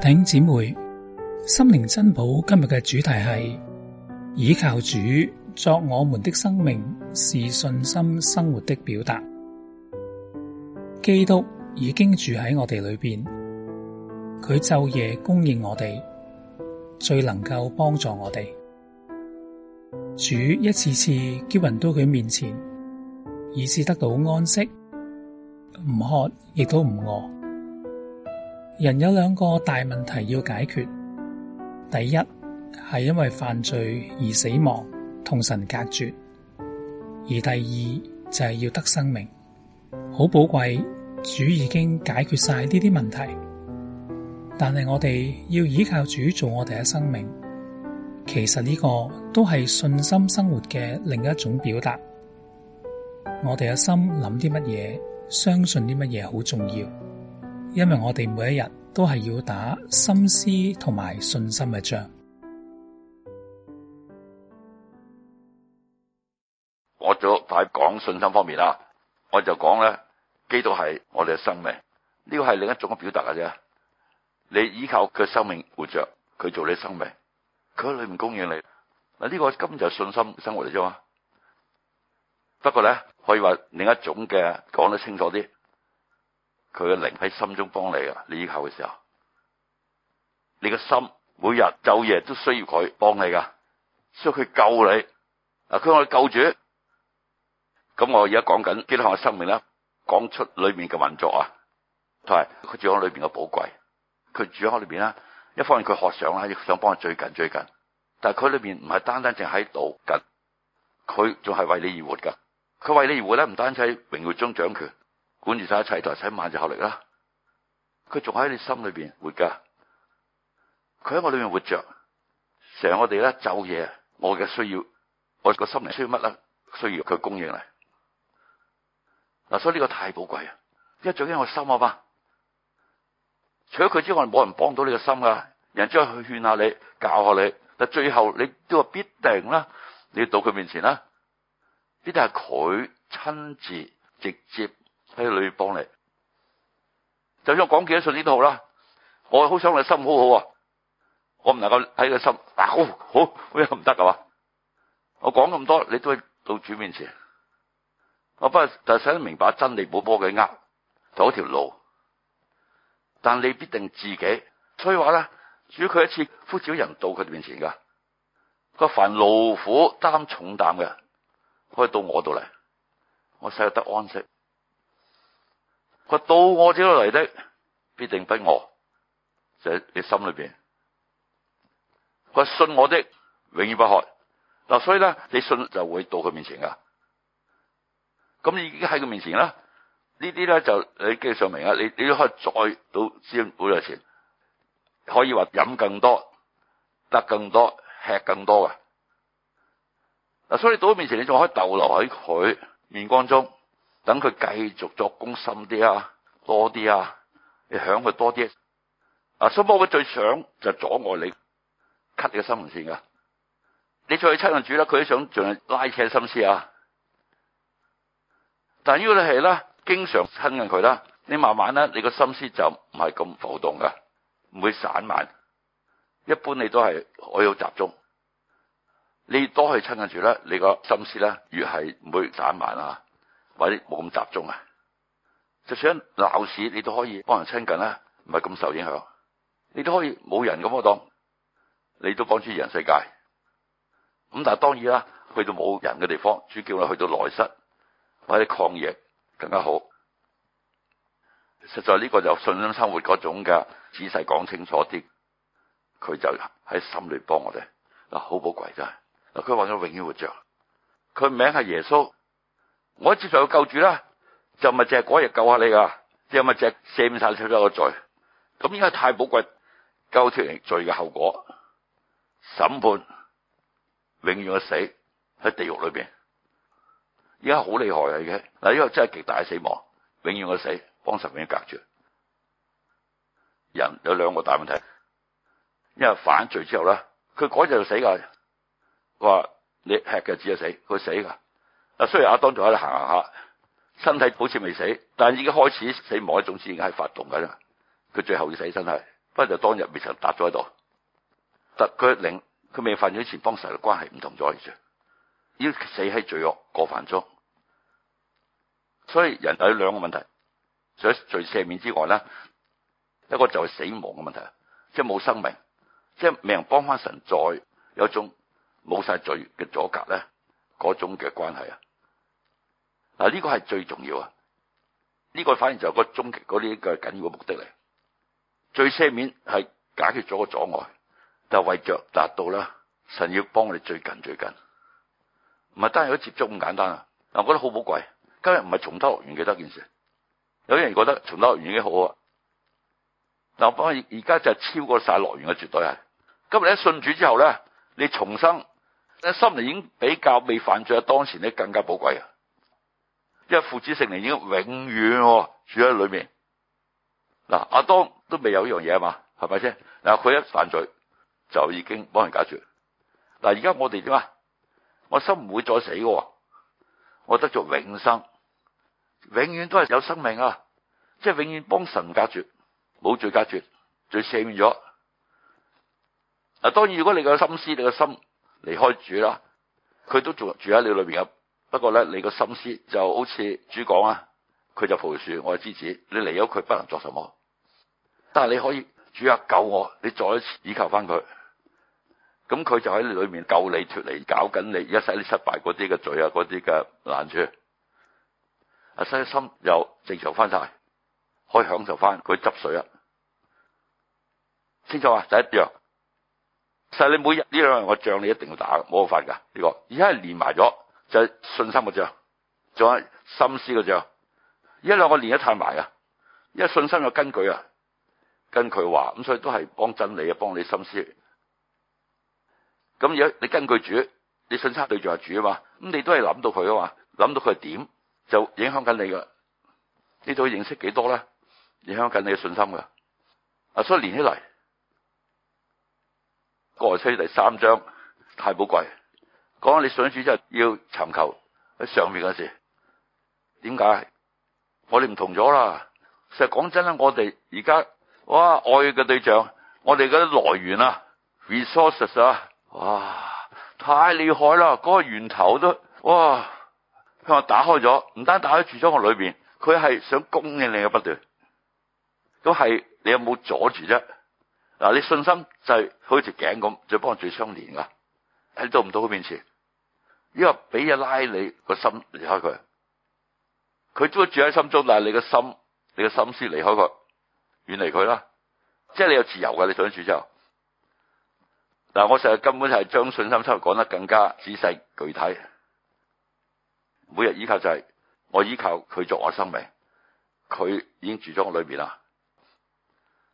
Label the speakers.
Speaker 1: 弟兄姊妹，心靈珍寶今日嘅主題係倚靠主作我們的生命，是信心生活的表達。基督已經住喺我哋裏邊，佢晝夜供應我哋，最能夠幫助我哋。主一次次叫人到佢面前，以致得到安息，唔渴亦都唔餓。人有兩個大問題要解決，第一係因為犯罪而死亡，同神隔絕；而第二就係、是、要得生命，好寶貴。主已經解決晒呢啲問題，但係我哋要倚靠主作我哋嘅生命。其實呢個都係信心生活嘅另一種表達。我哋嘅心諗啲乜嘢，相信啲乜嘢，好重要。因為我哋每一日都係要打心思同埋信心嘅仗，
Speaker 2: 我就快講信心方面啦，我就講咧，基督係我哋嘅生命，呢個係另一種嘅表達嘅啫。你依靠佢嘅生命活着，佢做你嘅生命，佢喺裏面供應你嗱，呢、這個咁就信心生活嚟啫嘛。不過咧，可以話另一種嘅講得清楚啲。佢嘅靈喺心中幫你噶，你依靠嘅時候，你嘅心每日晝夜都需要佢幫你噶，需要佢救你。嗱，佢可以救主，咁我而家講緊基督嘅生命啦，講出裏面嘅運作啊，同埋佢住喺裏邊嘅寶貴，佢住喺裏邊啦。一方面佢學上啦，亦想幫佢最近最近，但係佢裏邊唔係單單淨喺度緊，佢仲係為你而活噶。佢為你而活咧，唔單止喺榮耀中掌權。管住晒一切，台使萬事效力啦。佢仲喺你心裏邊活噶，佢喺我裏面活着，成我哋咧走嘢，我嘅需要，我個心靈需要乜咧？需要佢供應嚟嗱，所以呢個太寶貴啊！因為最緊要我心啊嘛，除咗佢之外冇人幫到你個心噶，人之後去勸下你、教下你，但最後你都話必定啦，你要到佢面前啦，必定係佢親自直接。喺佢裏幫你，就算講幾多信，天都好啦。我好想你心好好啊，我唔能夠喺個心，嗱、呃、好好，唔得噶嘛。我講咁多，你都到主面前。我不過，就想明白真理冇波鬼呃，就一條路，但你必定自己。所以話咧，主佢一次呼召人到佢面前噶，個凡勞苦擔重擔嘅人，可以到我度嚟，我使佢得安息。佢到我呢度嚟的，必定不餓，就喺、是、你心裏邊。佢信我的，永遠不渴。嗱，所以咧，你信就會到佢面前噶。咁你已經喺佢面前啦。呢啲咧就你繼續明啊。你你，你可以再到先古嘅前，可以話飲更多，得更多，吃更多嘅。嗱，所以你到面前你仲可以逗留喺佢面光中。等佢繼續作功深啲啊，多啲啊，你享佢多啲啊。所以，佢最想就阻礙你咳你嘅心唔線噶。你再去親近主咧，佢都想盡量拉扯心思啊。但係呢個係咧，經常親近佢啦，你慢慢咧，你個心思就唔係咁浮動噶，唔會散漫。一般你都係我要集中。你多去親近主咧，你個心思咧越係唔會散漫啊。或者冇咁集中啊，就算鬧市你都可以幫人親近啦，唔係咁受影響，你都可以冇人咁我當，你都幫住人世界。咁但係當然啦，去到冇人嘅地方，主叫你去到內室或者曠野更加好。實在呢個就信心生活嗰種嘅，仔細講清楚啲，佢就喺心裏幫我哋啊，好寶貴真係。嗱，佢話咗永遠活着，佢名係耶穌。我一接受去救主啦，就唔係淨係嗰一日救下你噶，就唔係淨係赦免晒出所有罪。咁應該太寶貴，救出嚟罪嘅後果，審判永遠嘅死喺地獄裏邊。依家好厲害嘅，嗱，呢個真係極大嘅死亡，永遠嘅死，幫神永隔住。人有兩個大問題，因為犯罪之後咧，佢嗰日就死噶。話你吃嘅子就死，佢死噶。啊，雖然阿當仲喺度行行下，身體好似未死，但係已經開始死亡嘅種子已經係發動噶啦。佢最後要死，身體不過就當日未曾搭咗喺度。但佢令佢未犯咗前幫神嘅關係唔同咗嚟住，要死喺罪惡過犯中。所以人有兩個問題，除咗罪赦免之外咧，一個就係死亡嘅問題，即係冇生命，即係命人幫翻神再有一種冇晒罪嘅阻隔咧，種嘅關係啊。嗱，呢個係最重要啊！呢、這個反而就係個終極嗰呢一個緊要嘅目的嚟。最赦面係解決咗個阻礙，就係、是、為着達到咧，神要幫我哋最近最近，唔係單係咗接觸咁簡單啊！嗱，我覺得好寶貴。今日唔係重得樂園嘅得件事，有啲人覺得重得樂園已經好啊。嗱，我幫而而家就係超過晒樂園嘅，絕對係今日你一信主之後咧，你重生，你心靈已經比較未犯罪嘅當前咧，更加寶貴啊！因為父子聖靈已經永遠住喺裏面，嗱、啊、阿當都未有呢樣嘢啊嘛，係咪先嗱？佢一犯罪就已經幫人隔絕。嗱，而家我哋點啊？我心唔會再死嘅，我得咗永生，永遠都係有生命啊！即係永遠幫神隔絕，冇罪隔絕，罪赦免咗。啊當然如果你個心思你個心離開主啦，佢都仲住喺你裏邊。嘅。不過咧，你個心思就好似主講啊，佢就係葡萄樹，我係枝子。你離咗佢不能作什麼，但係你可以主啊救我，你再一次倚靠翻佢，咁佢就喺裏面救你脱離，搞緊你而家使你失敗嗰啲嘅罪啊，嗰啲嘅難處阿心心又正常翻晒，可以享受翻佢執水啊。清楚啊，第、就是、一樣。其、就、實、是、你每日呢兩樣嘅仗你一定要打，冇法噶呢、這個，而家係連埋咗。就係信心嘅啫，仲有心思嘅啫，一兩個連得太埋啊！因為信心有根據啊，根據話咁，所以都係幫真理啊，幫你心思。咁而家你根據主，你信心對象係主啊嘛，咁你都係諗到佢啊嘛，諗到佢點就影響緊你啦。你度認識幾多咧？影響緊你嘅信心噶。啊，所以連起嚟，歌羅西書第三章太寶貴。講你上主真係要尋求喺上面嗰，時點解？我哋唔同咗啦。其實講真啦，我哋而家哇，愛嘅對象，我哋嗰啲來源啊，resources 啊，哇，太厲害啦！嗰、那個源頭都哇向我打開咗，唔單打開住咗我裏邊，佢係想供應你嘅，不斷。都係你有冇阻住啫？嗱，你信心就係好似頸咁，就幫我最相連噶，喺到唔到佢面前？因為俾嘢拉你個心離開佢，佢都會住喺心中，但係你個心，你個心思離開佢，遠離佢啦。即係你有自由噶，你想住之後。嗱，我成日根本就係將信心出來講得更加仔細具體。每日依靠就係、是、我依靠佢做我生命，佢已經住咗我裏面啦。